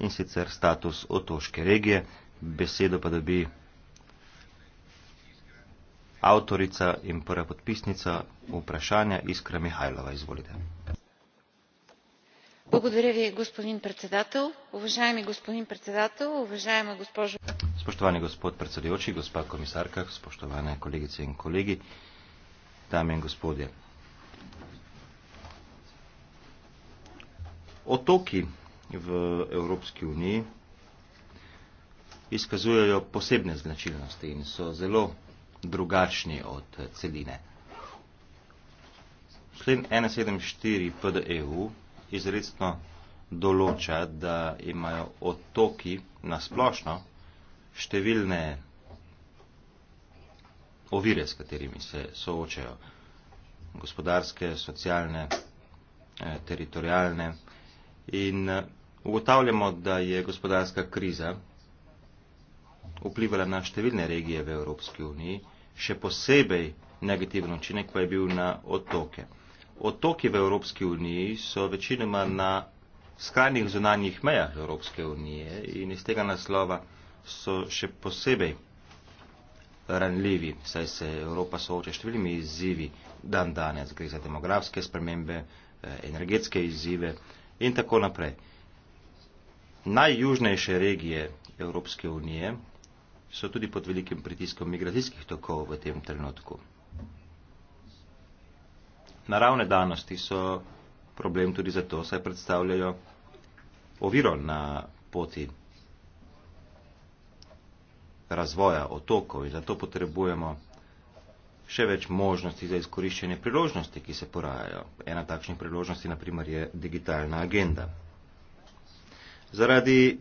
in sicer status otoške regije. Besedo pa dobi avtorica in prva podpisnica vprašanja Iskra Mihajlova. Izvolite. Благодаря ви, господин председател. Уважаеми господин председател, уважаема госпожо... Спощуване господ председиочи, госпа комисарка, спощуване колегици и колеги, дами и господи. Отоки, v Evropski uniji, izkazujejo posebne značilnosti in so zelo drugačni od celine. Člen 174 PDEU izredno določa, da imajo otoki na splošno številne ovire, s katerimi se soočajo gospodarske, socialne, eh, teritorijalne in eh, Ugotavljamo, da je gospodarska kriza vplivala na številne regije v Evropski uniji, še posebej negativen učinek pa je bil na otoke. Otoki v Evropski uniji so večinoma na skrajnih zunanjih mejah Evropske unije in iz tega naslova so še posebej ranljivi, saj se Evropa sooča številnimi izzivi dan danes, gre za demografske spremembe, eh, energetske izzive in tako naprej. Najjužnejše regije Evropske unije so tudi pod velikim pritiskom migracijskih tokov v tem trenutku. Naravne danosti so problem tudi zato, saj predstavljajo oviro na poti razvoja otokov in zato potrebujemo še več možnosti za izkoriščanje priložnosti, ki se porajajo. Ena takšnih priložnosti naprimer je digitalna agenda. Zaradi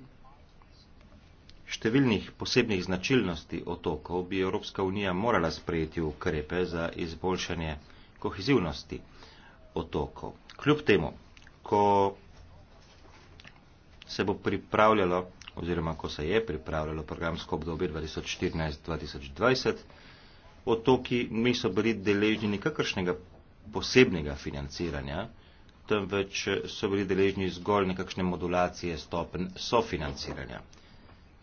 številnih posebnih značilnosti otokov bi Evropska unija morala sprejeti ukrepe za izboljšanje kohezivnosti otokov. Kljub temu, ko se bo pripravljalo oziroma ko se je pripravljalo programsko obdobje 2014-2020, otoki niso bili deležni nikakršnega posebnega financiranja, temveč so bili deležni zgolj nekakšne modulacije stopen sofinanciranja.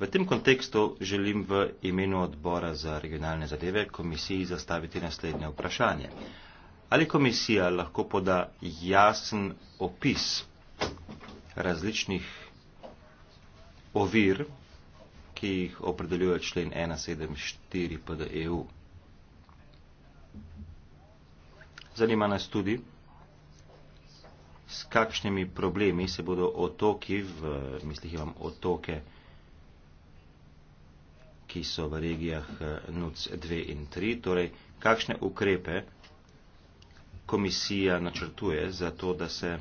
V tem kontekstu želim v imenu odbora za regionalne zadeve komisiji zastaviti naslednje vprašanje. Ali komisija lahko poda jasen opis različnih ovir, ki jih opredeljuje člen 174 pod EU? Zanima nas tudi, s kakšnimi problemi se bodo otoki, v mislih imam otoke, ki so v regijah eh, NUC 2 in 3, torej kakšne ukrepe komisija načrtuje za to, da se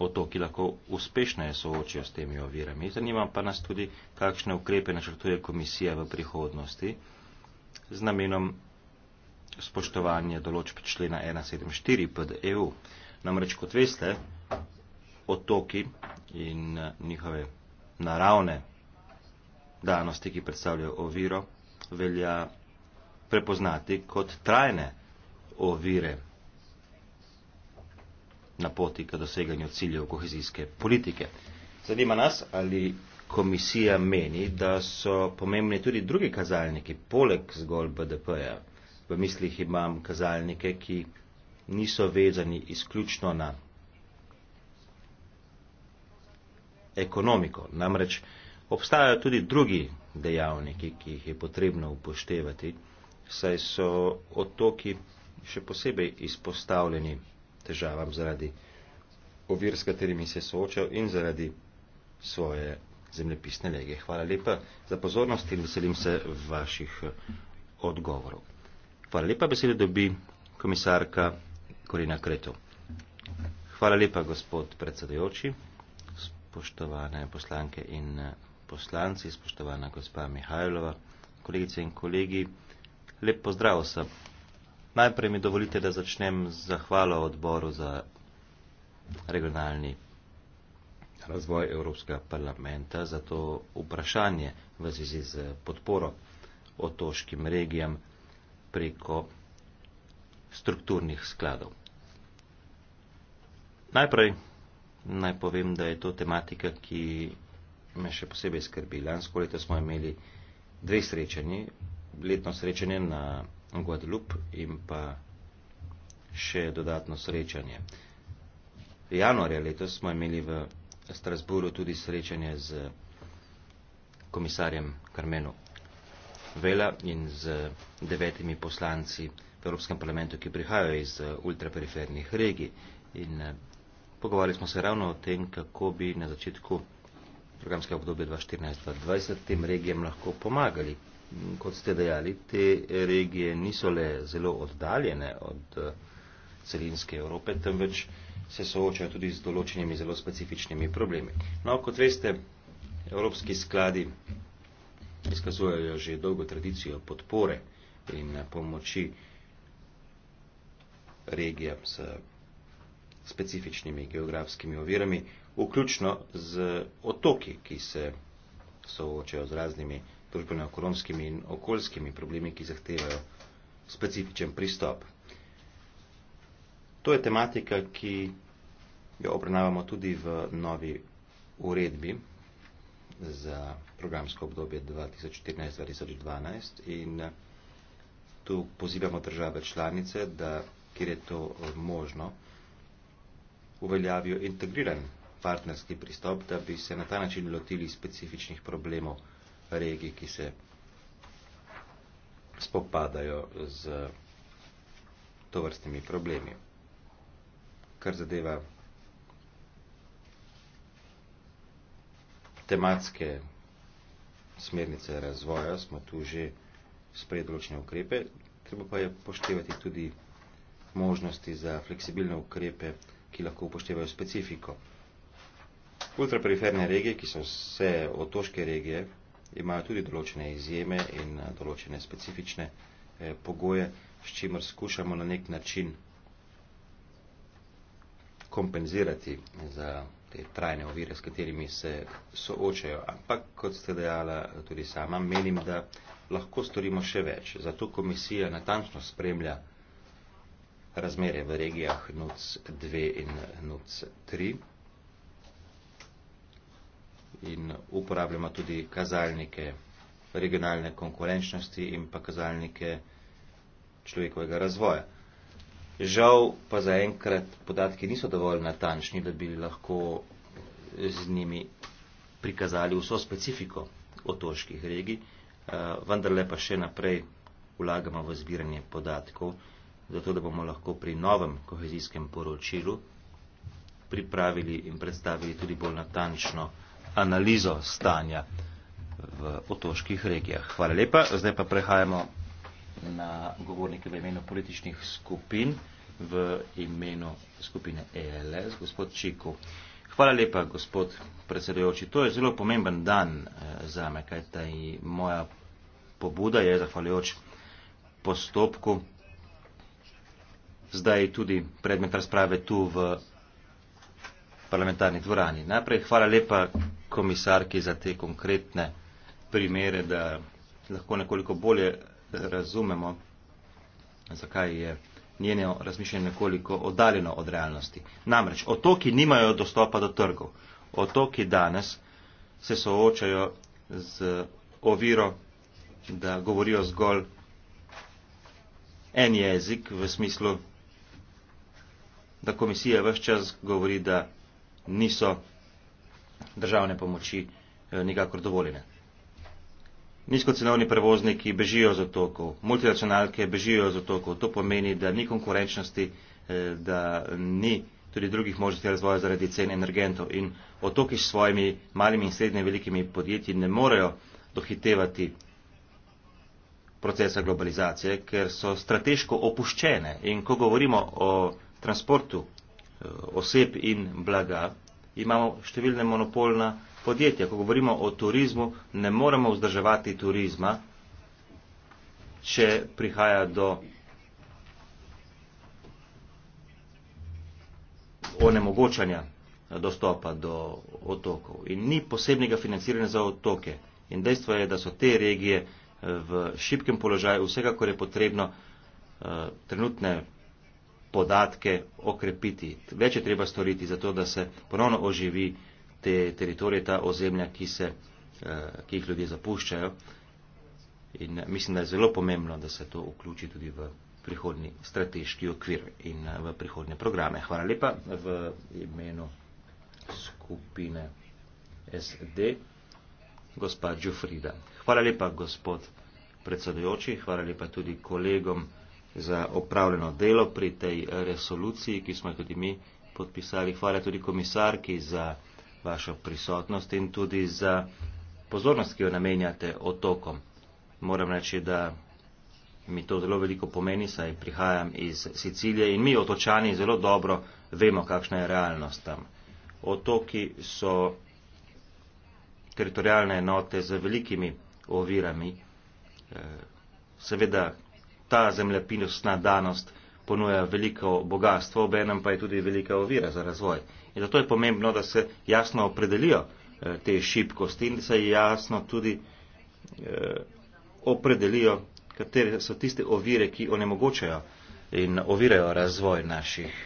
otoki lahko uspešno je soočijo s temi ovirami. Zanima pa nas tudi, kakšne ukrepe načrtuje komisija v prihodnosti z namenom spoštovanja določb člena 174 pod EU. Namreč, kot veste, otoki in eh, njihove naravne danosti, ki predstavljajo oviro, velja prepoznati kot trajne ovire na poti k doseganju ciljev kohezijske politike. Zanima nas, ali komisija meni, da so pomembni tudi drugi kazalniki, poleg zgolj BDP-ja. V mislih imam kazalnike, ki niso vezani isključno na ekonomiko. Namreč obstajajo tudi drugi dejavniki, ki jih je potrebno upoštevati, saj so otoki še posebej izpostavljeni težavam zaradi ovir, s katerimi se soočajo in zaradi svoje zemljepisne lege. Hvala lepa za pozornost in veselim se vaših eh, odgovorov. Hvala lepa, besede dobi komisarka. Korina Kretu. Hvala lepa, gospod predsedajoči, spoštovane poslanke in eh, poslanci, spoštovana gospa Mihajlova, kolegice in kolegi. Lep pozdrav vsem. Najprej mi dovolite, da začnem z zahvalo odboru za regionalni razvoj Evropskega parlamenta za to vprašanje v zvezi z podporo otoškim regijam preko strukturnih skladov. Najprej naj povem, da je to tematika, ki me še posebej skrbi. Lansko leto smo imeli dve srečanji, letno srečanje na Guadeloupe in pa še dodatno srečanje. Januarja letos smo imeli v Strasburu tudi srečanje z komisarjem Karmenu Vela in z devetimi poslanci v Evropskem parlamentu, ki prihajajo iz ultraperifernih regij. In eh, Pogovarjali smo se ravno o tem, kako bi na začetku programskega obdobja 2014-2020 tem regijam lahko pomagali. Kot ste dejali, te regije niso le zelo oddaljene od celinske Evrope, temveč se soočajo tudi z določenimi zelo specifičnimi problemi. No, kot veste, evropski skladi izkazujejo že dolgo tradicijo podpore in pomoči regijam s specifičnimi geografskimi ovirami, vključno z otoki, ki se soočajo z raznimi družbeno-ekonomskimi in okoljskimi problemi, ki zahtevajo specifičen pristop. To je tematika, ki jo obravnavamo tudi v novi uredbi za programsko obdobje 2014-2012 in tu pozivamo države članice, da, kjer je to možno, uveljavijo integriran partnerski pristop, da bi se na ta način lotili specifičnih problemov regij, ki se spopadajo z tovrstnimi problemi. Kar zadeva tematske smernice razvoja, smo tu že sprejeli določene ukrepe, treba pa je poštevati tudi možnosti za fleksibilne ukrepe, ki lahko upoštevajo specifiko. Ultraperiferne regije, ki so vse otoške regije, imajo tudi določene izjeme in eh, določene specifične eh, pogoje, s čimer skušamo na nek način kompenzirati za te trajne ovire, s katerimi se soočajo. Ampak, kot ste dejala tudi sama, menim, da lahko storimo še več. Zato komisija natančno spremlja razmere v regijah NUC 2 in NUC 3. In uporabljamo tudi kazalnike regionalne konkurenčnosti in pa kazalnike človekovega razvoja. Žal pa zaenkrat podatki niso dovolj natančni, da bi lahko z njimi prikazali vso specifiko otoških regij, eh, vendarle pa še naprej vlagamo v zbiranje podatkov zato da bomo lahko pri novem kohezijskem poročilu pripravili in predstavili tudi bolj natančno analizo stanja v otoških regijah. Hvala lepa. Zdaj pa prehajamo na govornike v imenu političnih skupin, v imenu skupine ELS, gospod Čiku. Hvala lepa, gospod predsedujoči. To je zelo pomemben dan eh, za me, kajta moja pobuda je zahvaljujoč postopku zdaj tudi predmet razprave tu v parlamentarni dvorani. Najprej hvala lepa komisarki za te konkretne primere, da lahko nekoliko bolje eh, razumemo, zakaj je njene razmišljanje nekoliko oddaljeno od realnosti. Namreč otoki nimajo dostopa do trgov. Otoki danes se soočajo z oviro, da govorijo zgolj en jezik v smislu da komisija vse čas govori, da niso državne pomoči eh, nikakor dovoljene. Nizkocenovni prevozniki bežijo z otokov, multinacionalke bežijo z otokov, to pomeni, da ni konkurenčnosti, eh, da ni tudi drugih možnosti razvoja zaradi cen energentov in otoki s svojimi malimi in srednje velikimi podjetji ne morejo dohitevati procesa globalizacije, ker so strateško opuščene. In ko govorimo o transportu eh, oseb in blaga imamo številne monopolna podjetja. Ko govorimo o turizmu, ne moremo vzdrževati turizma, če prihaja do onemogočanja dostopa do otokov. In ni posebnega financiranja za otoke. In dejstvo je, da so te regije eh, v šibkem položaju vsega, kar je potrebno eh, trenutne podatke okrepiti. Več je treba storiti za to, da se ponovno oživi te teritorije, ta ozemlja, ki, se, eh, ki jih ljudje zapuščajo. In eh, mislim, da je zelo pomembno, da se to vključi tudi v prihodni strateški okvir in eh, v prihodne programe. Hvala lepa v imenu skupine SD, gospa Džufrida. Hvala lepa, gospod predsedujoči, hvala lepa tudi kolegom za opravljeno delo pri tej resoluciji, ki smo jo tudi mi podpisali. Hvala tudi komisarki za vašo prisotnost in tudi za pozornost, ki jo namenjate otokom. Moram reči, da mi to zelo veliko pomeni, saj prihajam iz Sicilije in mi otočani zelo dobro vemo, kakšna je realnost tam. Otoki so teritorijalne enote z velikimi ovirami. Eh, seveda ta zemljepinostna danost ponuja veliko bogatstvo, obenem pa je tudi velika ovira za razvoj. In zato je pomembno, da se jasno opredelijo eh, te šibkosti in da se jasno tudi eh, opredelijo, katere so tiste ovire, ki onemogočajo in ovirajo razvoj naših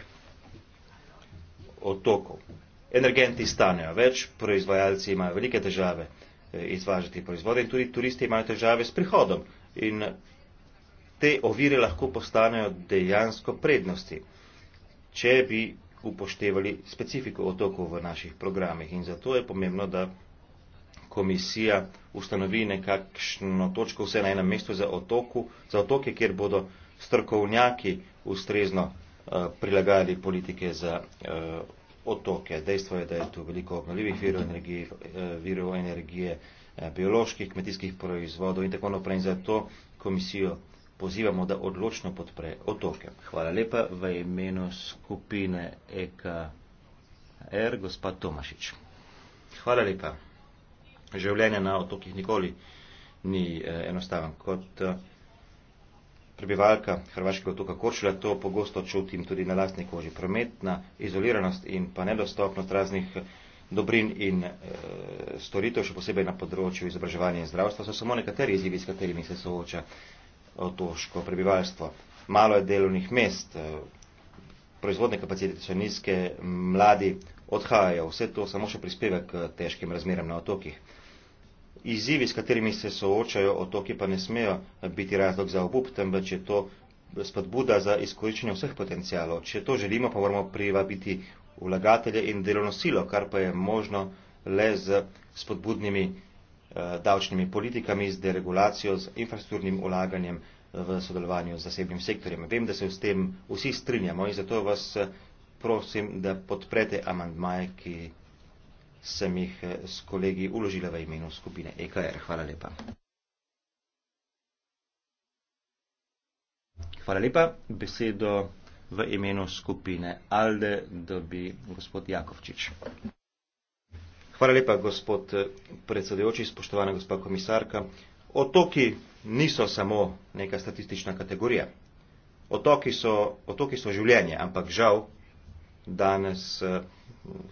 otokov. Energenti stanejo več, proizvajalci imajo velike težave eh, izvažati proizvode in tudi turisti imajo težave s prihodom. In te ovire lahko postanejo dejansko prednosti, če bi upoštevali specifiko otokov v naših programih. In zato je pomembno, da komisija ustanovi nekakšno točko vse na enem mestu za, otoku, za otoke, kjer bodo strokovnjaki ustrezno uh, prilagajali politike za uh, otoke. Dejstvo je, da je tu veliko obnovljivih virov energije, uh, virov energije uh, bioloških, kmetijskih proizvodov in tako naprej. In zato komisijo pozivamo, da odločno podpre otoke. Hvala lepa v imenu skupine EKR, gospod Tomašič. Hvala lepa. Življenje na otokih nikoli ni eh, enostaven. Kot eh, prebivalka Hrvaškega otoka Korčula to pogosto čutim tudi na lastni koži. Prometna izoliranost in pa nedostopnost raznih dobrin in e, storitev, še posebej na področju izobraževanja in zdravstva, so samo nekateri izzivi, s katerimi se sooča otoško prebivalstvo. Malo je delovnih mest, eh, proizvodne kapacitete so nizke, mladi odhajajo. Vse to samo še prispeva k težkim razmeram na otokih. Izzivi, s katerimi se soočajo otoki, pa ne smejo biti razlog za obup, temveč je to spodbuda za izkoriščenje vseh potencijalov. Če to želimo, pa moramo privabiti vlagatelje in delovno silo, kar pa je možno le z spodbudnimi Eh, davčnimi politikami, z deregulacijo, z infrastrukturnim ulaganjem eh, v sodelovanju z zasebnim sektorjem. Vem, da se s tem vsi strinjamo in zato vas eh, prosim, da podprete amandmaje, ki sem jih s kolegi uložila v imenu skupine EKR. Hvala lepa. Hvala lepa. Besedo v imenu skupine ALDE dobi gospod Jakovčič. Hvala lepa, gospod eh, predsedujoči, spoštovana gospa komisarka. Otoki niso samo neka statistična kategorija. Otoki so, otoki so življenje, ampak žal danes eh,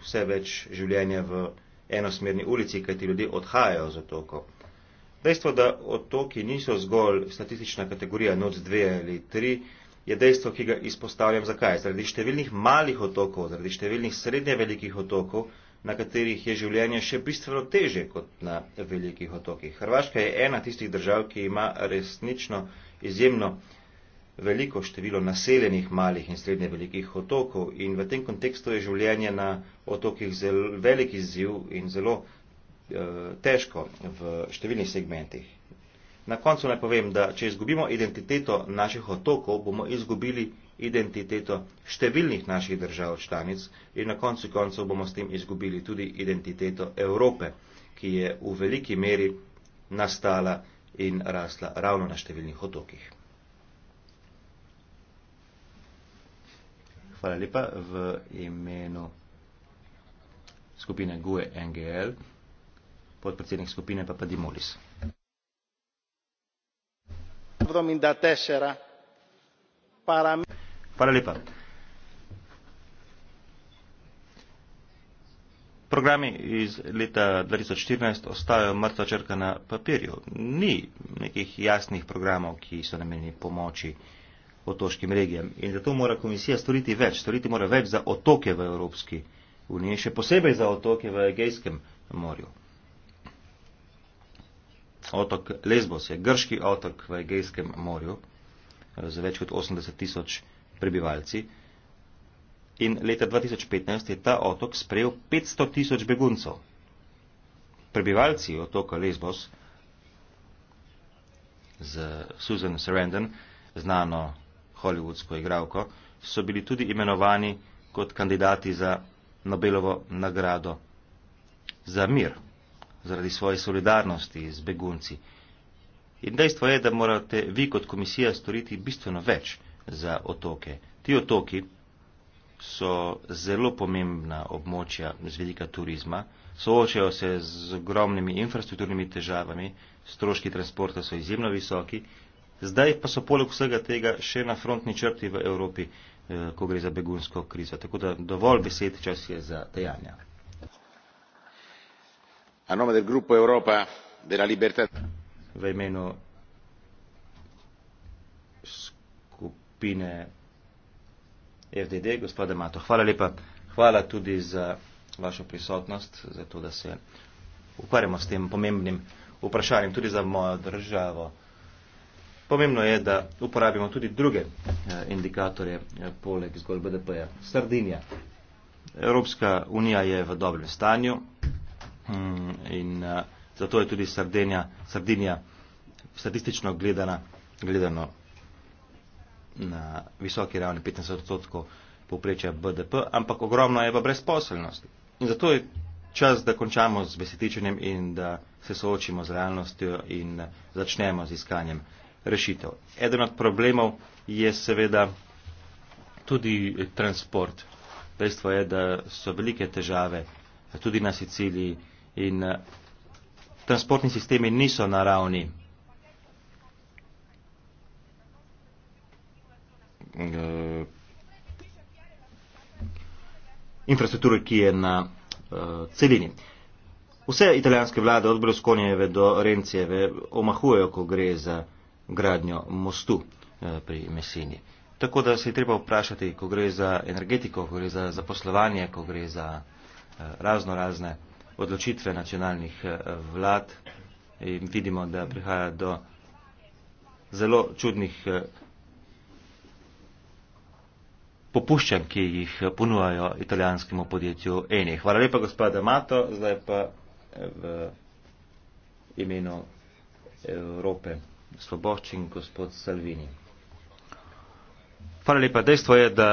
vse več življenja v enosmerni ulici, kajti ljudje odhajajo z otokov. Dejstvo, da otoki niso zgolj statistična kategorija noc dve ali tri, je dejstvo, ki ga izpostavljam. Zakaj? Zaradi številnih malih otokov, zaradi številnih srednje velikih otokov, na katerih je življenje še bistveno teže kot na velikih otokih. Hrvaška je ena tistih držav, ki ima resnično izjemno veliko število naseljenih malih in srednje velikih otokov in v tem kontekstu je življenje na otokih zelo velik izziv in zelo e, težko v številnih segmentih. Na koncu naj povem, da če izgubimo identiteto naših otokov, bomo izgubili identiteto številnih naših držav članic in na koncu koncev bomo s tem izgubili tudi identiteto Evrope, ki je v veliki meri nastala in rasla ravno na številnih otokih. Hvala lepa v imenu skupine GUE NGL, podpredsednik skupine pa pa Dimulis. Para mim. Hvala lepa. Programi iz leta 2014 ostajajo mrtva črka na papirju. Ni nekih jasnih programov, ki so namenjeni pomoči otoškim regijam. In zato mora komisija storiti več. Storiti mora več za otoke v Evropski uniji, še posebej za otoke v Egejskem morju. Otok Lesbos je grški otok v Egejskem morju z več kot 80 tisoč prebivalci. In leta 2015 je ta otok sprejel 500 tisoč beguncev. Prebivalci otoka Lesbos z Susan Sarandon, znano hollywoodsko igralko, so bili tudi imenovani kot kandidati za Nobelovo nagrado za mir zaradi svoje solidarnosti z begunci. In dejstvo je, da morate vi kot komisija storiti bistveno več za otoke. Ti otoki so zelo pomembna območja z velika turizma, soočajo se z ogromnimi infrastrukturnimi težavami, stroški transporta so izjemno visoki, zdaj pa so poleg vsega tega še na frontni črti v Evropi, eh, ko gre za begunsko krizo. Tako da dovolj besed čas je za dejanja. V imenu skupine FDD, gospoda Mato. Hvala lepa. Hvala tudi za vašo prisotnost, za to, da se ukvarjamo s tem pomembnim vprašanjem tudi za mojo državo. Pomembno je, da uporabimo tudi druge eh, indikatorje eh, poleg zgolj BDP-ja. Sardinija. Evropska unija je v dobrem stanju mm, in eh, zato je tudi Sardinija, Sardinija statistično gledana, gledano na visoki ravni 15 odstotkov povprečja BDP, ampak ogromno je pa brezposelnosti. In zato je čas, da končamo z besetičenjem in da se soočimo z realnostjo in začnemo z iskanjem rešitev. Eden od problemov je seveda tudi transport. Dejstvo je, da so velike težave tudi na Siciliji in transportni sistemi niso na ravni Eh, infrastrukture, ki je na uh, celini. Vse italijanske vlade od Brusconjeve do Rencijeve omahujejo, ko gre za gradnjo mostu uh, pri Messini. Tako da se je treba vprašati, ko gre za energetiko, ko gre za zaposlovanje, ko gre za uh, razno razne odločitve nacionalnih uh, vlad in vidimo, da prihaja do zelo čudnih uh, popuščam, ki jih ponujajo italijanskemu podjetju Eni. Hvala lepa, gospod Damato, zdaj pa eh, v imenu Evrope Sloboščin, gospod Salvini. Hvala lepa. Dejstvo je, da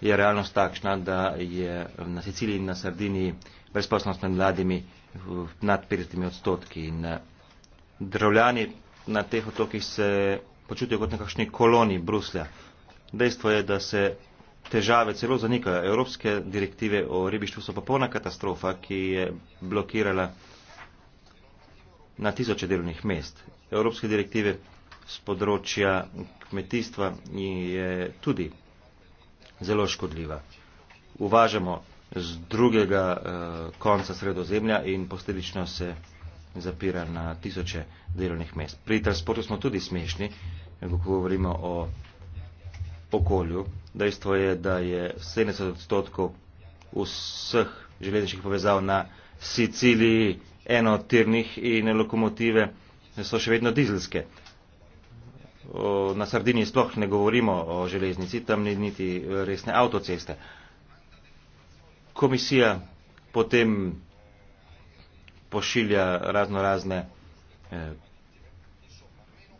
je realnost takšna, da je na Siciliji in na Sardiniji brezposlenost med mladimi nad 50 odstotki in eh, državljani na teh otokih se počutijo kot nekakšni koloni Bruslja. Dejstvo je, da se težave, celo zanikajo. Evropske direktive o ribištvu so popolna katastrofa, ki je blokirala na tisoče delovnih mest. Evropske direktive z področja kmetijstva je tudi zelo škodljiva. Uvažamo z drugega eh, konca sredozemlja in posledično se zapira na tisoče delovnih mest. Pri transportu smo tudi smešni, ko govorimo o okolju, Dejstvo je, da je 70 odstotkov vseh železniških povezav na Siciliji enotirnih in lokomotive so še vedno dizelske. Na Sardiniji sploh ne govorimo o železnici, tam ni niti resne avtoceste. Komisija potem pošilja razno razne eh,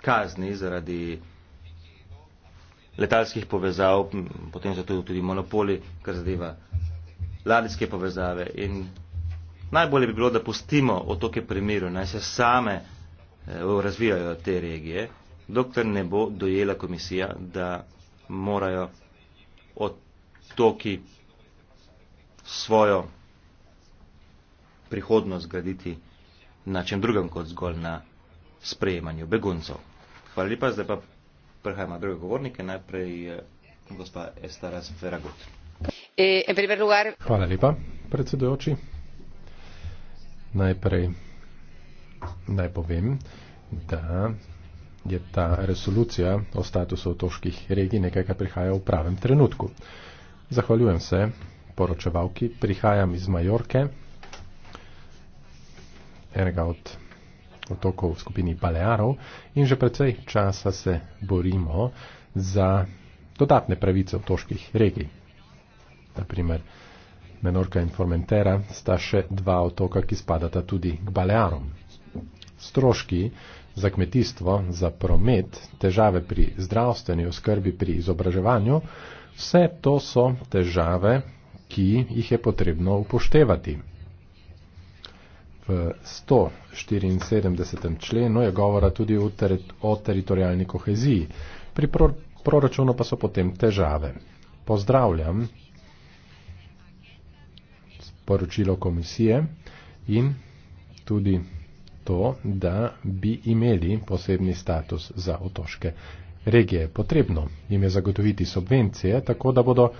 kazni zaradi letalskih povezav, potem so tu tudi monopoli, kar zadeva ladijske povezave. In najbolje bi bilo, da pustimo otoke pri miru, naj se same eh, razvijajo te regije, dokler ne bo dojela komisija, da morajo otoki svojo prihodnost graditi na čem drugem kot zgolj na sprejemanju beguncov. Hvala lepa, zdaj pa Prehajamo na druge govornike. Najprej eh, gospa Estaras Feragut. Eh, Hvala lepa, predsedujoči. Najprej naj povem, da je ta resolucija o statusu otoških regij nekaj, kar prihaja v pravem trenutku. Zahvaljujem se poročevalki, prihajam iz Majorke, enega od otokov v skupini Balearov in že precej časa se borimo za dodatne pravice otoških regij. Naprimer, Menorka in Formentera sta še dva otoka, ki spadata tudi k Balearom. Stroški za kmetijstvo, za promet, težave pri zdravstveni oskrbi, pri izobraževanju, vse to so težave, ki jih je potrebno upoštevati. 174. členu je govora tudi o, teri o teritorijalni koheziji. Pri pro proračunu pa so potem težave. Pozdravljam poročilo komisije in tudi to, da bi imeli posebni status za otoške regije. Potrebno jim je zagotoviti subvencije, tako da bodo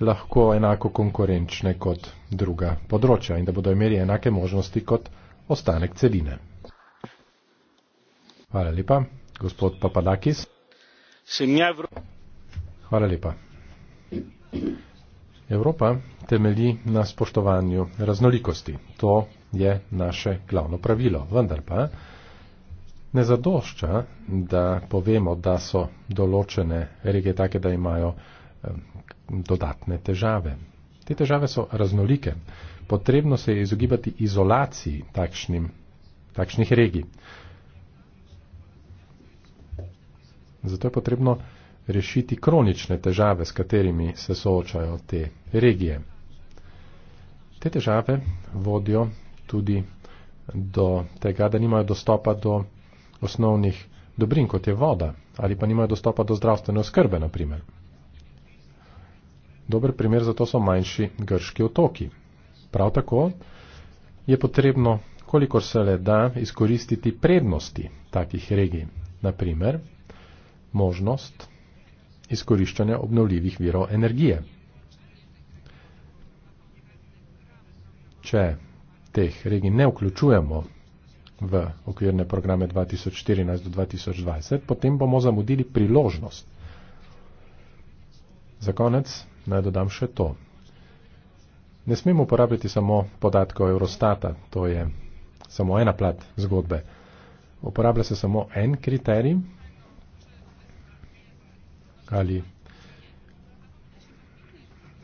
lahko enako konkurenčne kot druga področja in da bodo imeli enake možnosti kot ostanek celine. Hvala lepa. Gospod Papadakis. Hvala lepa. Evropa temelji na spoštovanju raznolikosti. To je naše glavno pravilo. Vendar pa ne zadošča, da povemo, da so določene regije take, da imajo dodatne težave. Te težave so raznolike. Potrebno se je izogibati izolaciji takšnim, takšnih regij. Zato je potrebno rešiti kronične težave, s katerimi se soočajo te regije. Te težave vodijo tudi do tega, da nimajo dostopa do osnovnih dobrin, kot je voda, ali pa nimajo dostopa do zdravstvene oskrbe, na primer. Dober primer za to so manjši grški otoki. Prav tako je potrebno, kolikor se le da, izkoristiti prednosti takih regij. Naprimer, možnost izkoriščanja obnovljivih virov energije. Če teh regij ne vključujemo v okvirne programe 2014 do 2020, potem bomo zamudili priložnost. Za konec Naj dodam še to. Ne smemo uporabljati samo podatkov Eurostata, to je samo ena plat zgodbe. Uporablja se samo en kriterij ali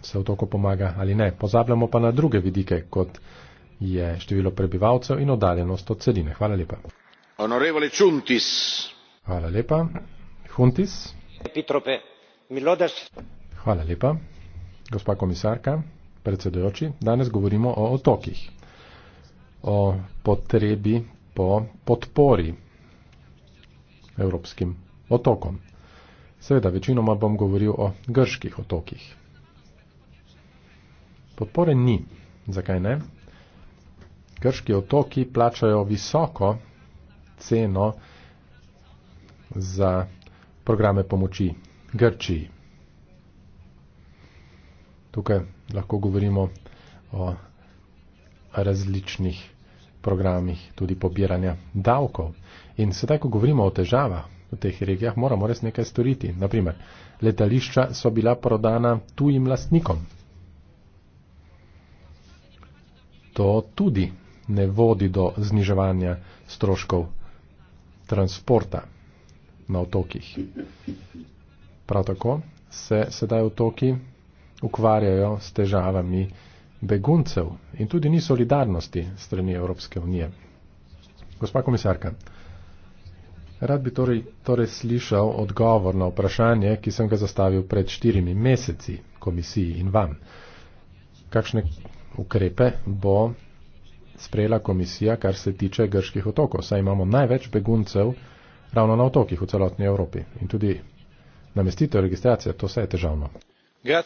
se v toku pomaga ali ne. Pozabljamo pa na druge vidike, kot je število prebivalcev in oddaljenost od celine. Hvala lepa. Honorevole Čuntis. Hvala lepa. Huntis. Hvala lepa gospa komisarka, predsedujoči, danes govorimo o otokih, o potrebi po podpori evropskim otokom. Seveda, večinoma bom govoril o grških otokih. Podpore ni. Zakaj ne? Grški otoki plačajo visoko ceno za programe pomoči Grčiji. Tukaj lahko govorimo o različnih programih tudi pobiranja davkov. In sedaj, ko govorimo o težavah v teh regijah, moramo res nekaj storiti. Naprimer, letališča so bila prodana tujim lastnikom. To tudi ne vodi do zniževanja stroškov transporta na otokih. Prav tako se sedaj otoki ukvarjajo s težavami beguncev in tudi ni solidarnosti strani Evropske unije. Gospa komisarka, rad bi torej, torej slišal odgovor na vprašanje, ki sem ga zastavil pred štirimi meseci komisiji in vam. Kakšne ukrepe bo sprejela komisija, kar se tiče grških otokov, saj imamo največ beguncev ravno na otokih v celotni Evropi in tudi namestitev, registracija, to vse je težavno. Eh,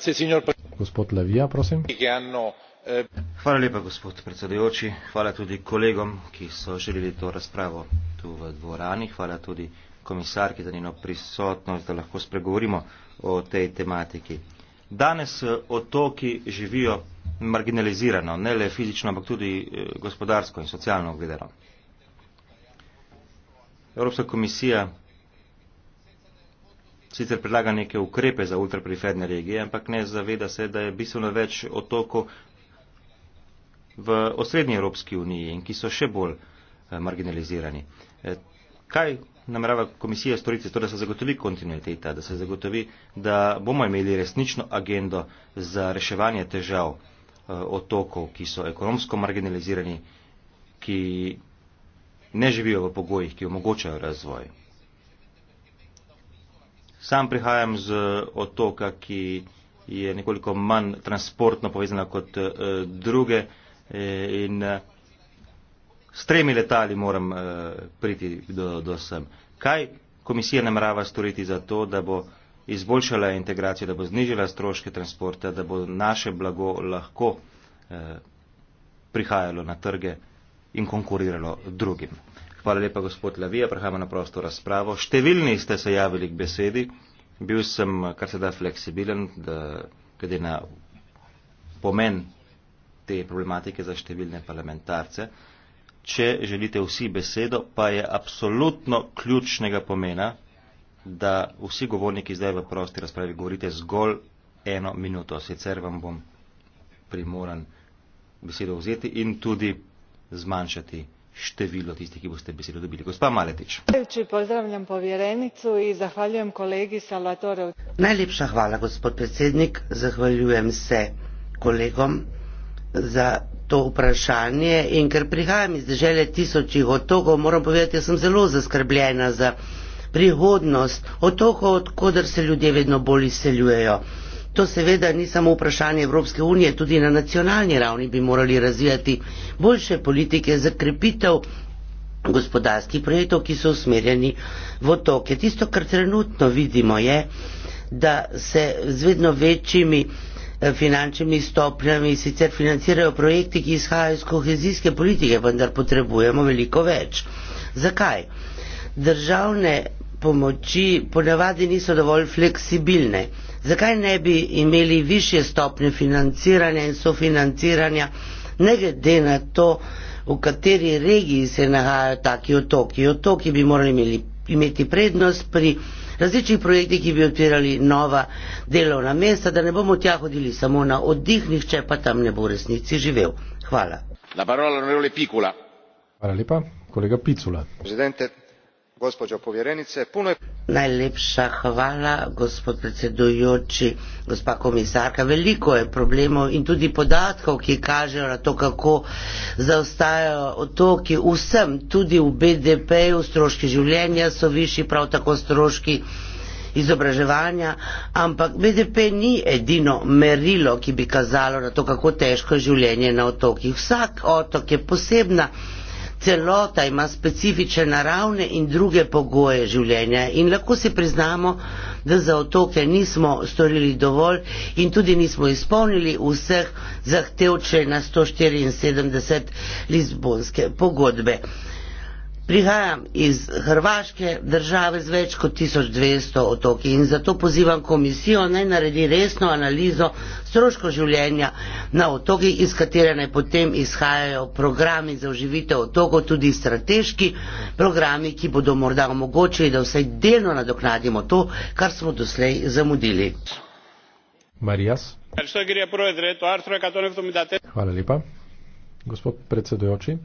gospod predsedujoči hvala tudi kolegom ki so želeli to razpravo tu v dvorani hvala tudi komisarki za njeno prisotnost da lahko spregovorimo o tej tematiki. danes eh, otoki živijo marginalizirano ne le fizično ampak tudi eh, gospodarsko in socialno gledano. evropska komisija sicer predlaga neke ukrepe za ultraperiferne regije, ampak ne zaveda se, da je bistveno več otokov v osrednji Evropski uniji in ki so še bolj eh, marginalizirani. Eh, kaj namerava komisija storiti, to, da se zagotovi kontinuiteta, da se zagotovi, da bomo imeli resnično agendo za reševanje težav eh, otokov, ki so ekonomsko marginalizirani, ki ne živijo v pogojih, ki omogočajo razvoj. Sam prihajam z eh, otoka, ki je nekoliko manj transportno povezana kot uh, druge uh, in uh, s tremi letali moram uh, priti do, do sem. Kaj komisija namerava storiti za to, da bo izboljšala integracijo, da bo znižila stroške transporta, da bo naše blago lahko uh, prihajalo na trge in konkuriralo drugim? Hvala lepa, gospod Lavija. Prehajamo na prosto razpravo. Številni ste se javili k besedi. Bil sem kar se da fleksibilen, da glede na pomen te problematike za številne parlamentarce. Če želite vsi besedo, pa je absolutno ključnega pomena, da vsi govorniki zdaj v prosti razpravi govorite zgolj eno minuto, sicer vam bom primoran besedo vzeti in tudi zmanjšati število tistih ki boste besedo dobili. gospa maletić. pozdravljam povjerenico i zahvaljujem kolegi salvatoreju. najlepša hvala gospod predsednik zahvaljujem se kolegom za to vprašanje in ker prihajam iz dežele tisočih otokov moram povedati da sem zelo zaskrbljena za prihodnost otokov od koder se ljudje vedno bolj izseljujejo. To seveda ni samo vprašanje Evropske unije, tudi na nacionalni ravni bi morali razvijati boljše politike za krepitev gospodarskih projektov, ki so usmerjeni v otoke. Tisto, kar trenutno vidimo, je, da se z vedno večjimi eh, finančnimi stopnjami sicer financirajo projekti, ki izhajajo iz kohezijske politike, vendar potrebujemo veliko več. Zakaj? Državne pomoči ponavadi niso dovolj fleksibilne zakaj ne bi imeli više stopnje financiranja in sofinanciranja, ne glede na to, v kateri regiji se nahajajo taki otoki. Otoki bi morali imeli, imeti prednost pri različnih projektih, ki bi odpirali nova delovna mesta, da ne bomo tja hodili samo na oddih, nihče pa tam ne bo v resnici živel. Hvala. Hvala lepa, kolega Picula. Presidente najlepša hvala gospod predsedujoči gospa komisarka veliko je problemov in tudi podatkov ki kažejo na to kako zaostajajo otoki vsem tudi v bdp ju stroški življenja so višji prav tako stroški izobraževanja ampak bdp ni edino merilo ki bi kazalo na to kako težko je življenje na otokih vsak otok je posebna celota ima specifične naravne in druge pogoje življenja in lahko se priznamo, da za otoke nismo storili dovolj in tudi nismo izpolnili vseh zahtev, če na 174 Lizbonske pogodbe. Prihajam iz Hrvaške države z več kot 1200 otoki in zato pozivam komisijo naj naredi resno analizo stroško življenja na otoki, iz katere naj potem izhajajo programi za oživitev otokov, tudi strateški programi, ki bodo morda omogočili, da vsaj delno nadoknadimo to, kar smo doslej zamudili. Marijas. Hvala lepa. Gospod predsedujoči.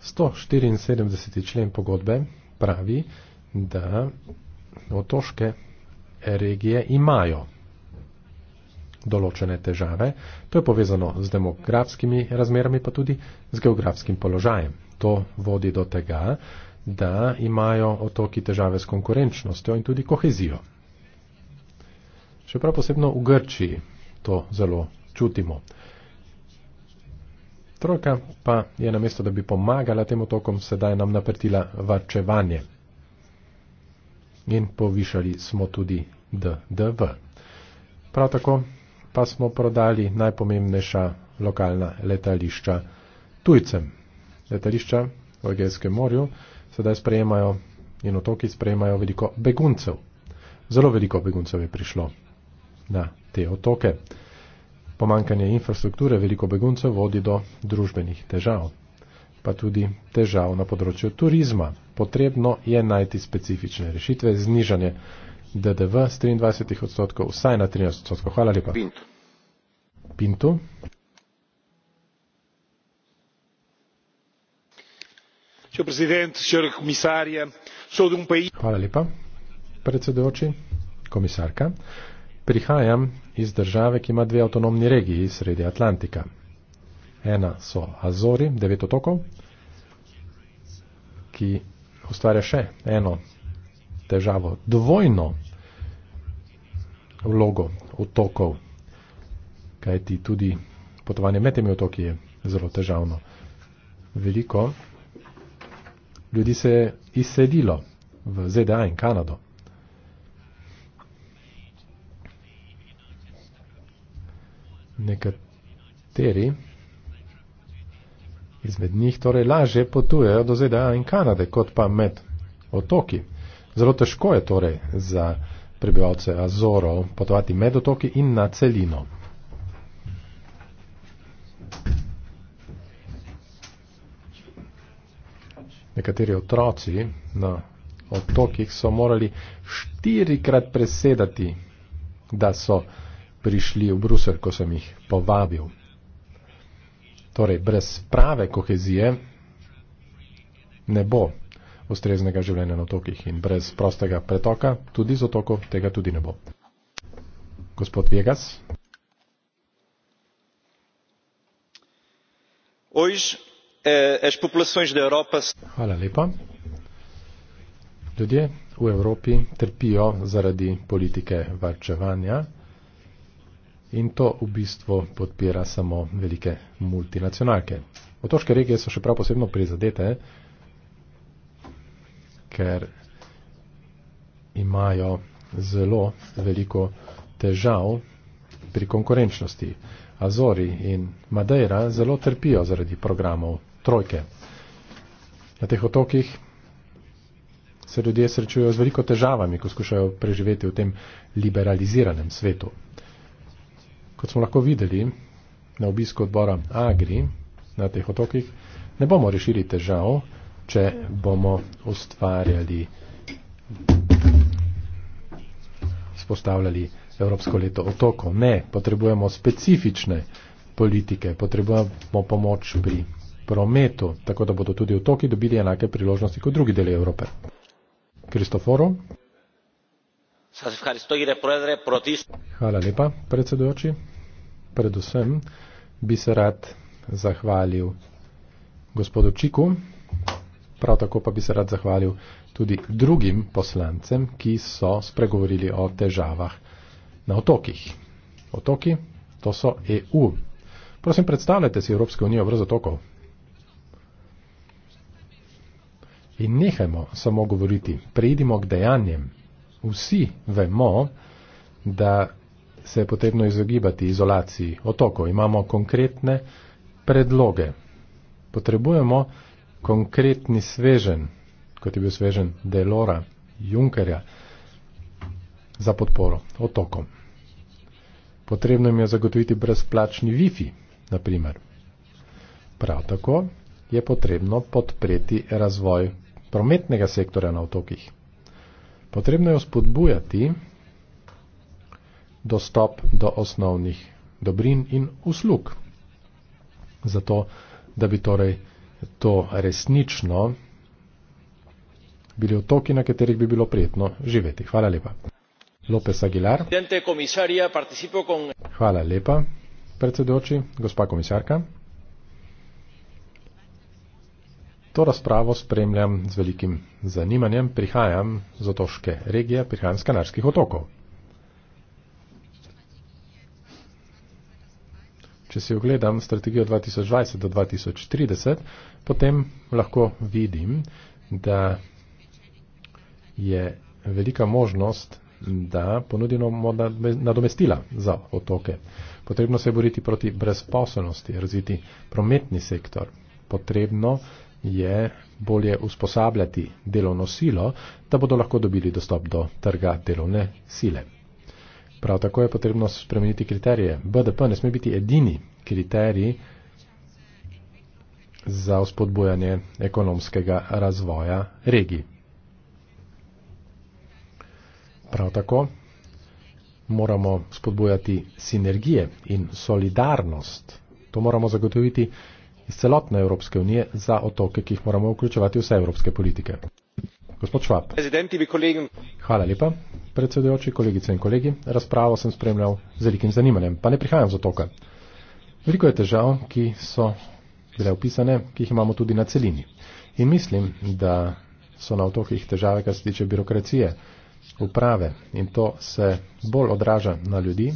174. člen pogodbe pravi, da otoške regije imajo določene težave. To je povezano z demografskimi razmerami, pa tudi z geografskim položajem. To vodi do tega, da imajo otoki težave s konkurenčnostjo in tudi kohezijo. Še prav posebno v Grčiji to zelo čutimo. Trojka pa je namesto, da bi pomagala tem otokom, sedaj nam naprtila varčevanje. In povišali smo tudi DDV. Prav tako pa smo prodali najpomembnejša lokalna letališča tujcem. Letališča v Egejskem morju sedaj sprejemajo in otoki sprejemajo veliko beguncev. Zelo veliko beguncev je prišlo na te otoke pomankanje infrastrukture veliko beguncev vodi do družbenih težav, pa tudi težav na področju turizma. Potrebno je najti specifične rešitve, znižanje DDV z 23 odstotkov vsaj na 13 odstotkov. Hvala lepa. Pintu. Pintu. Hvala lepa, predsedujoči, komisarka. Prihajam iz države, ki ima dve avtonomni regiji sredi Atlantika. Ena so Azori, devet otokov, ki ustvarja še eno težavo, dvojno vlogo otokov, kajti tudi potovanje med temi otoki je zelo težavno. Veliko ljudi se je izsedilo v ZDA in Kanado. nekateri izmed njih torej lažje potujejo do ZDA in Kanade, kot pa med otoki. Zelo težko je torej za prebivalce Azorov potovati med otoki in na celino. Nekateri otroci na otokih so morali štirikrat presedati, da so prišli v Bruselj, ko sem jih povabil. Torej, brez prave kohezije ne bo ustreznega življenja na otokih in brez prostega pretoka tudi z otoko tega tudi ne bo. Gospod Vegas. Eh, Hvala lepa. Ljudje v Evropi trpijo zaradi politike varčevanja in to v bistvu podpira samo velike multinacionalke. Otoške regije so še prav posebno prizadete, ker imajo zelo veliko težav pri konkurenčnosti. Azori in Madeira zelo trpijo zaradi programov trojke. Na teh otokih se ljudje srečujejo z veliko težavami, ko skušajo preživeti v tem liberaliziranem svetu kot smo lahko videli na obisku odbora Agri na teh otokih, ne bomo rešili težav, če bomo ustvarjali, spostavljali Evropsko leto otokov. Ne, potrebujemo specifične politike, potrebujemo pomoč pri prometu, tako da bodo tudi otoki dobili enake priložnosti kot drugi deli Evrope. Kristoforo. Hvala lepa, predsedujoči. Predvsem bi se rad zahvalil gospodu Čiku, prav tako pa bi se rad zahvalil tudi drugim poslancem, ki so spregovorili o težavah na otokih. Otoki, to so EU. Prosim, predstavljajte si Evropsko unijo brez otokov. In nehajmo samo govoriti, prejdimo k dejanjem vsi vemo, da se je potrebno izogibati izolaciji otokov. Imamo konkretne predloge. Potrebujemo konkretni svežen, kot je bil svežen Delora Junkerja, za podporo otokom. Potrebno jim je zagotoviti brezplačni Wi-Fi, naprimer. Prav tako je potrebno podpreti razvoj prometnega sektorja na otokih. Potrebno je spodbujati dostop do osnovnih dobrin in uslug, zato da bi torej to resnično bili otoki, na katerih bi bilo prijetno živeti. Hvala lepa. López Aguilar. Hvala lepa, predsedujoči, gospa komisarka. To razpravo spremljam z velikim zanimanjem. Prihajam z otoške regije, prihajam z Kanarskih otokov. Če si ogledam strategijo 2020 do 2030, potem lahko vidim, da je velika možnost, da ponudimo nadomestila za otoke. Potrebno se boriti proti brezposobnosti, razviti prometni sektor. Potrebno je bolje usposabljati delovno silo, da bodo lahko dobili dostop do trga delovne sile. Prav tako je potrebno spremeniti kriterije. BDP ne sme biti edini kriterij za spodbujanje ekonomskega razvoja regij. Prav tako moramo spodbujati sinergije in solidarnost. To moramo zagotoviti iz celotne Evropske unije za otoke, ki jih moramo vključevati v vse evropske politike. Gospod Švab. Hvala lepa, predsedujoči, kolegice in kolegi. Razpravo sem spremljal z velikim zanimanjem, pa ne prihajam z otoka. Veliko je težav, ki so bile opisane, ki jih imamo tudi na celini. In mislim, da so na otokih težave, kar se tiče birokracije, uprave in to se bolj odraža na ljudi,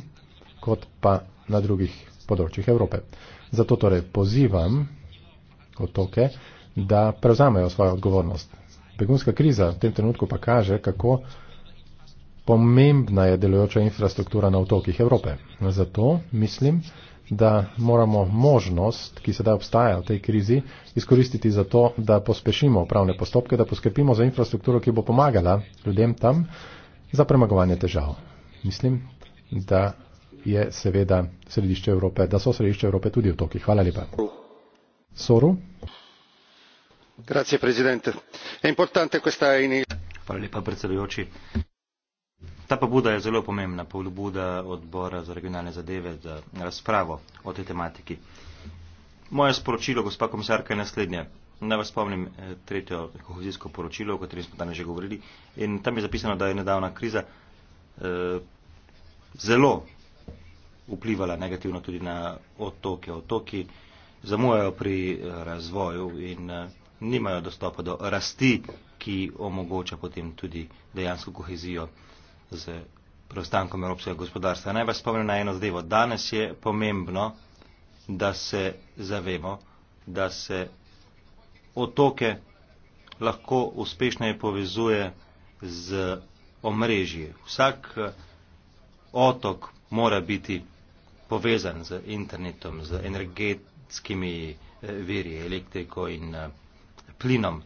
kot pa na drugih področjih Evrope. Zato torej pozivam otoke, da prevzamejo svojo odgovornost. Begunska kriza v tem trenutku pa kaže, kako pomembna je delujoča infrastruktura na otokih Evrope. Zato mislim, da moramo možnost, ki sedaj obstaja v tej krizi, izkoristiti za to, da pospešimo pravne postopke, da poskrbimo za infrastrukturo, ki bo pomagala ljudem tam za premagovanje težav. Mislim, da je seveda središče Evrope, da so središče Evrope tudi otoki. Hvala lepa. Soru. Grazie, predsednik. Je importante questa inizia. Hvala lepa, predsedujoči. Ta pobuda je zelo pomembna, pobuda odbora za regionalne zadeve za razpravo o tej tematiki. Moje sporočilo, gospa komisarka, je naslednje. Naj vas spomnim eh, tretjo kohezijsko poročilo, o katerem smo danes že govorili. In tam je zapisano, da je nedavna kriza eh, zelo vplivala negativno tudi na otoke. Otoki zamujajo pri eh, razvoju in eh, nimajo dostopa do rasti, ki omogoča potem tudi dejansko kohezijo z preostankom evropskega gospodarstva. Naj vas spomnim na eno zadevo. Danes je pomembno, da se zavemo, da se otoke lahko uspešneje povezuje z omrežje. Vsak eh, otok mora biti povezan z internetom, z energetskimi eh, viri, elektriko in eh, plinom.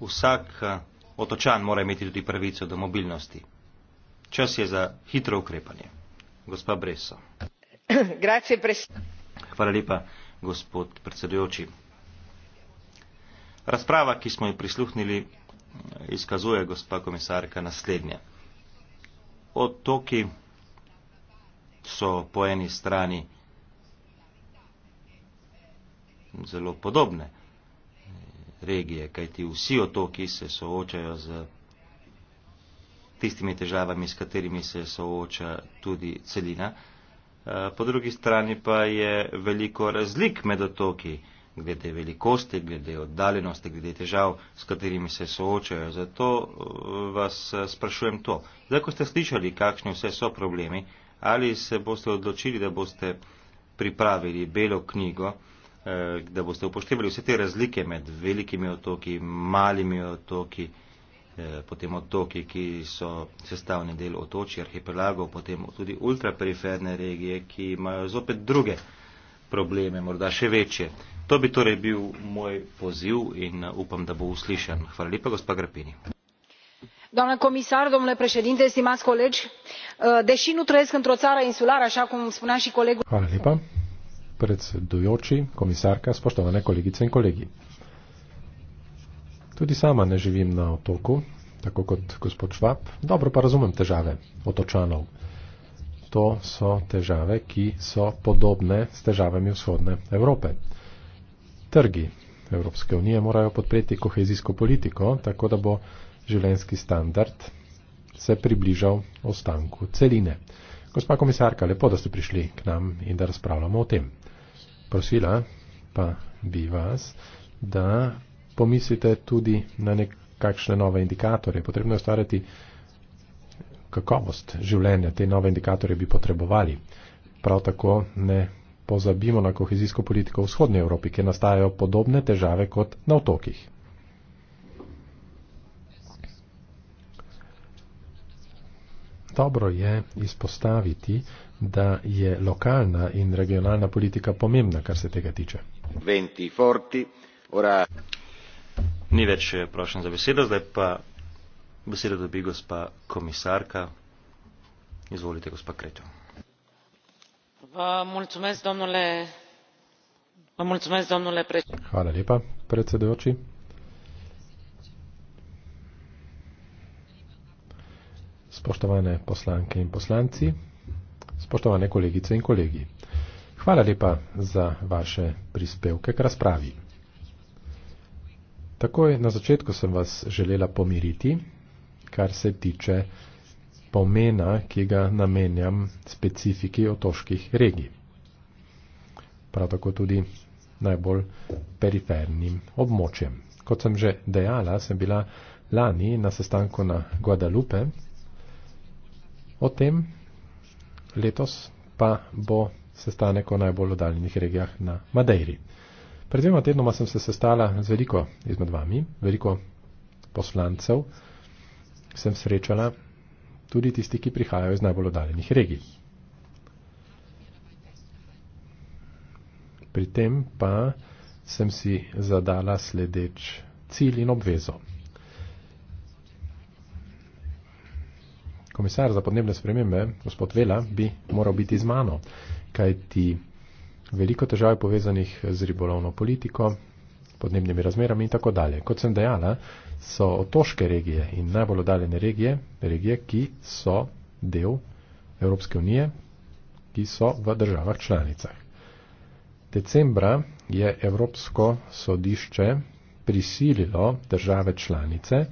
Vsak eh, otočan mora imeti tudi pravico do mobilnosti. Čas je za hitro ukrepanje. Gospa Breso. Hvala lepa, gospod predsedujoči. Razprava, ki smo jo prisluhnili, izkazuje, gospa komisarka, naslednje. Otoki so po eni strani zelo podobne eh, regije, kajti vsi otoki se soočajo z tistimi težavami, s katerimi se sooča tudi celina. Eh, po drugi strani pa je veliko razlik med otoki, glede velikosti, glede oddaljenosti, glede težav, s katerimi se soočajo. Zato eh, vas sprašujem to. Zdaj, ko ste slišali, kakšni vse so problemi, ali se boste odločili, da boste pripravili belo knjigo, eh, da boste upoštevali vse te razlike med velikimi otoki, malimi otoki, eh, potem otoki, ki so sestavni del otoči, arhipelagov, potem tudi ultraperiferne regije, ki imajo zopet druge probleme, morda še večje. To bi torej bil moj poziv in eh, upam, da bo uslišan. Hvala lepa, gospa Grpini doamnă comisar domnule președinte stimați colegi uh, deși nu trăiesc într o țară insulară așa cum spunea și colegul Tudi sama ne živim na otoku, tako kot gospod Švab. Dobro pa razumem težave otočanov. To so težave, ki so podobne s težavami vzhodne Evrope. Trgi Evropske unije morajo podpreti kohezijsko politiko, tako da bo življenski standard se približal ostanku celine. Gospa komisarka, lepo, da ste prišli k nam in da razpravljamo o tem. Prosila pa bi vas, da pomislite tudi na nekakšne nove indikatorje. Potrebno je ustvarjati kakovost življenja. Te nove indikatorje bi potrebovali. Prav tako ne pozabimo na kohezijsko politiko v vzhodnji Evropi, kjer nastajajo podobne težave kot na otokih. dobro je izpostaviti, da je lokalna in regionalna politika pomembna, kar se tega tiče. 20, 40, Ni več eh, prošen za besedo, zdaj pa besedo dobi gospa komisarka. Izvolite, gospa Kreto. Hvala lepa, predsedujoči. spoštovane poslanke in poslanci, spoštovane kolegice in kolegi. Hvala lepa za vaše prispevke k razpravi. Takoj na začetku sem vas želela pomiriti, kar se tiče pomena, ki ga namenjam specifiki otoških regij. Prav tako tudi najbolj perifernim območjem. Kot sem že dejala, sem bila lani na sestanku na Guadalupe o tem. Letos pa bo sestanek o najbolj oddaljenih regijah na Madeiri. Pred dvema tednoma sem se sestala z veliko izmed vami, veliko poslancev sem srečala, tudi tisti, ki prihajajo iz najbolj oddaljenih regij. Pri tem pa sem si zadala sledeč cilj in obvezo. komisar za podnebne spremembe, gospod Vela, bi moral biti z mano, kaj ti veliko težav je povezanih z ribolovno politiko, podnebnimi razmerami in tako dalje. Kot sem dejala, so otoške regije in najbolj odaljene regije, regije, ki so del Evropske unije, ki so v državah članicah. Decembra je Evropsko sodišče prisililo države članice,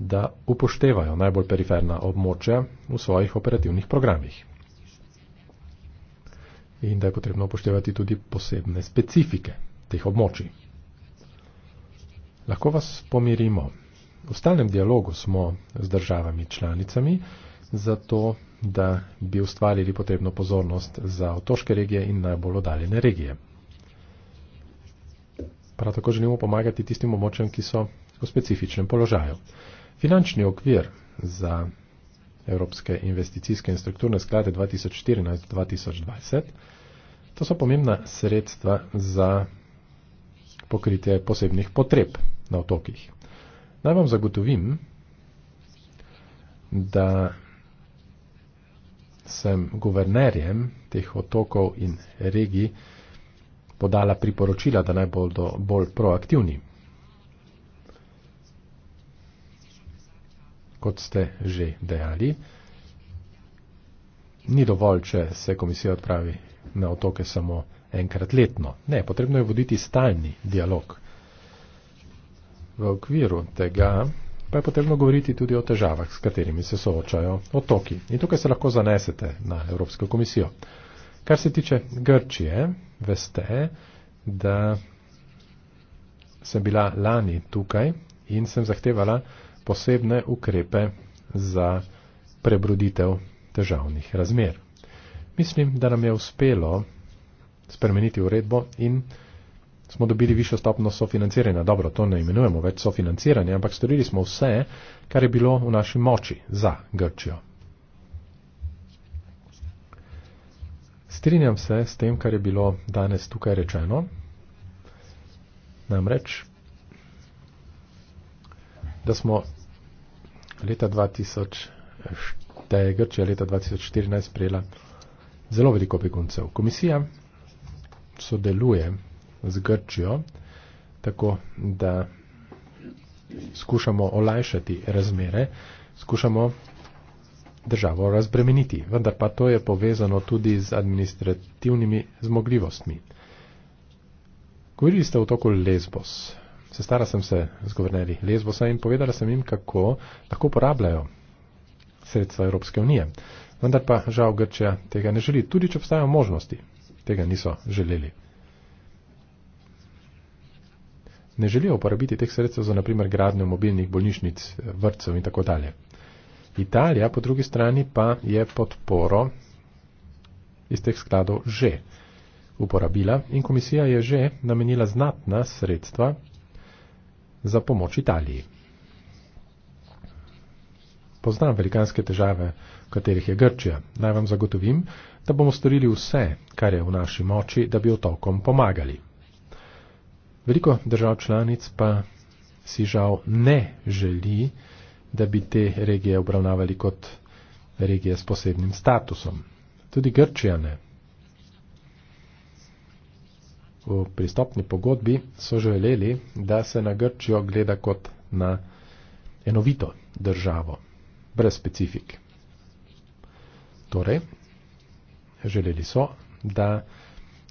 da upoštevajo najbolj periferna območja v svojih operativnih programih. In da je potrebno upoštevati tudi posebne specifike teh območij. Lahko vas pomirimo. V stalnem dialogu smo z državami članicami, zato da bi ustvarili potrebno pozornost za otoške regije in najbolj oddaljene regije. Prav tako želimo pomagati tistim območjem, ki so v specifičnem položaju. Finančni okvir za Evropske investicijske in strukturne sklade 2014-2020, to so pomembna sredstva za pokritje posebnih potreb na otokih. Naj vam zagotovim, da sem guvernerjem teh otokov in regij podala priporočila, da naj bodo bolj proaktivni kot ste že dejali. Ni dovolj, če se komisija odpravi na otoke samo enkrat letno. Ne, potrebno je voditi stalni dialog. V okviru tega pa je potrebno govoriti tudi o težavah, s katerimi se soočajo otoki. In tukaj se lahko zanesete na Evropsko komisijo. Kar se tiče Grčije, veste, da sem bila lani tukaj in sem zahtevala, posebne ukrepe za prebruditev državnih razmer. Mislim, da nam je uspelo spremeniti uredbo in smo dobili višjo stopno sofinanciranja. Dobro, to ne imenujemo več sofinanciranje, ampak storili smo vse, kar je bilo v naši moči za Grčijo. Strinjam se s tem, kar je bilo danes tukaj rečeno. Namreč, da smo leta 2000, da je Grčija leta 2014 prijela zelo veliko beguncev. Komisija sodeluje z Grčijo tako, da skušamo olajšati razmere, skušamo državo razbremeniti, vendar pa to je povezano tudi z administrativnimi zmogljivostmi. Govorili ste o toku Lesbos. Sestala sem se z guvernerji Lesbosa in povedala sem jim, kako lahko uporabljajo sredstva Evropske unije. Vendar pa žal Grčija tega ne želi, tudi če obstajajo možnosti. Tega niso želeli. Ne želijo uporabiti teh sredstev za, naprimer, gradnjo mobilnih bolnišnic, vrtcev in tako dalje. Italija, po drugi strani, pa je podporo iz teh skladov že uporabila in komisija je že namenila znatna sredstva za pomoč Italiji. Poznam velikanske težave, v katerih je Grčija. Naj vam zagotovim, da bomo storili vse, kar je v naši moči, da bi otokom pomagali. Veliko držav članic pa si žal ne želi, da bi te regije obravnavali kot regije s posebnim statusom. Tudi Grčija ne v pristopni pogodbi so želeli, da se na Grčijo gleda kot na enovito državo, brez specifik. Torej, želeli so, da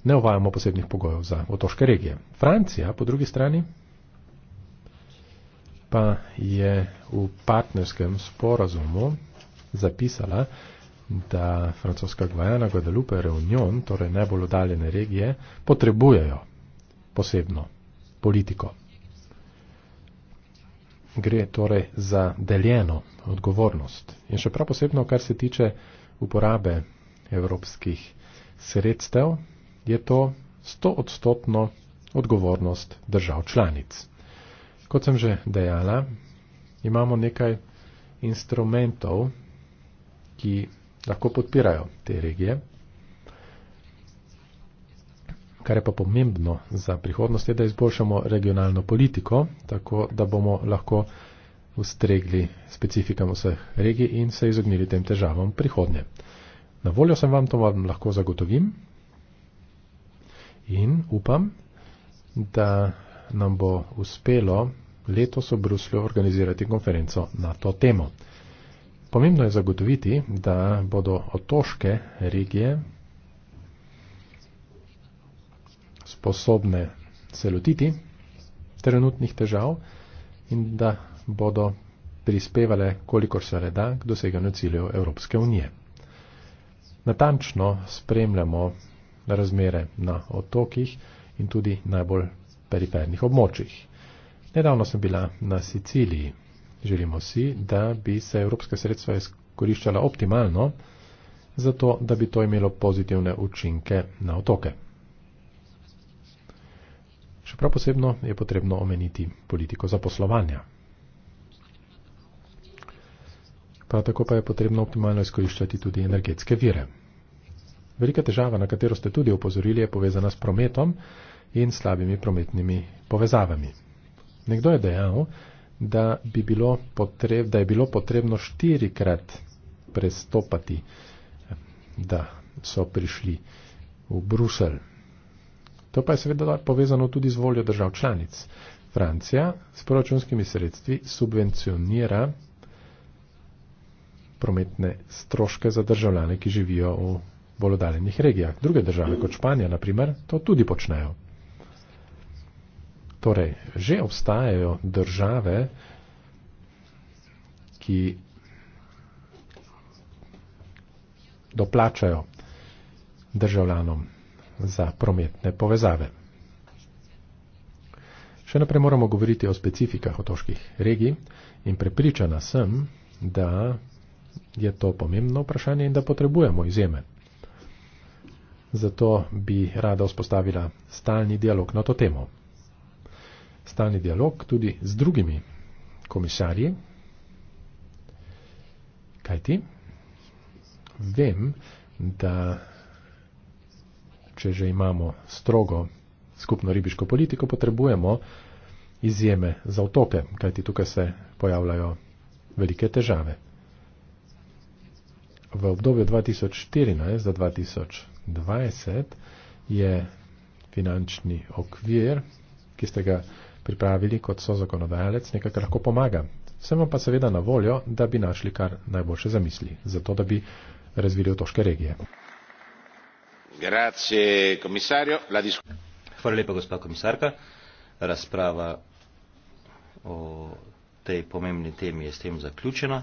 ne uvajamo posebnih pogojev za otoške regije. Francija, po drugi strani, pa je v partnerskem sporazumu zapisala, da francoska Gvajana, Guadalupe, Reunion, torej najbolj oddaljene regije, potrebujejo posebno politiko. Gre torej za deljeno odgovornost. In še prav posebno, kar se tiče uporabe evropskih sredstev, je to stoodstotno odgovornost držav članic. Kot sem že dejala, imamo nekaj instrumentov, ki lahko podpirajo te regije. Kar je pa pomembno za prihodnost, je, da izboljšamo regionalno politiko, tako da bomo lahko ustregli specifikam vseh regij in se izognili tem težavam prihodnje. Na voljo sem vam, to vam lahko zagotovim in upam, da nam bo uspelo letos v Bruslju organizirati konferenco na to temo. Pomembno je zagotoviti, da bodo otoške regije sposobne se lotiti trenutnih težav in da bodo prispevale, kolikor se le da, k doseganju ciljev Evropske unije. Natančno spremljamo razmere na otokih in tudi najbolj perifernih območjih. Nedavno sem bila na Siciliji. Želimo si, da bi se evropske sredstva izkoriščala optimalno, zato da bi to imelo pozitivne učinke na otoke. Še prav posebno je potrebno omeniti politiko zaposlovanja. Prav tako pa je potrebno optimalno izkoriščati tudi energetske vire. Velika težava, na katero ste tudi upozorili, je povezana s prometom in slabimi prometnimi povezavami. Nekdo je dejal, da, bi bilo potreb, da je bilo potrebno štirikrat prestopati, da so prišli v Brusel. To pa je seveda povezano tudi z voljo držav članic. Francija s proračunskimi sredstvi subvencionira prometne stroške za državljane, ki živijo v bolj oddaljenih regijah. Druge države kot Španija, naprimer, to tudi počnejo. Torej, že obstajajo države, ki doplačajo državljanom za prometne povezave. Še naprej moramo govoriti o specifikah otoških regij in prepričana sem, da je to pomembno vprašanje in da potrebujemo izjeme. Zato bi rada vzpostavila stalni dialog na to temo stalni dialog tudi z drugimi komisarji. Kaj ti? Vem, da če že imamo strogo skupno ribiško politiko, potrebujemo izjeme za otoke, kajti tukaj se pojavljajo velike težave. V obdobju 2014 do 2020 je finančni okvir, ki ste ga pripravili, kot so zakonodajalec, nekaj, kar lahko pomaga. Vsem pa seveda na voljo, da bi našli kar najboljše zamisli, zato da bi razvili otoške regije. Grazie, Hvala lepa, gospa komisarka. Razprava o tej pomembni temi je s tem zaključena.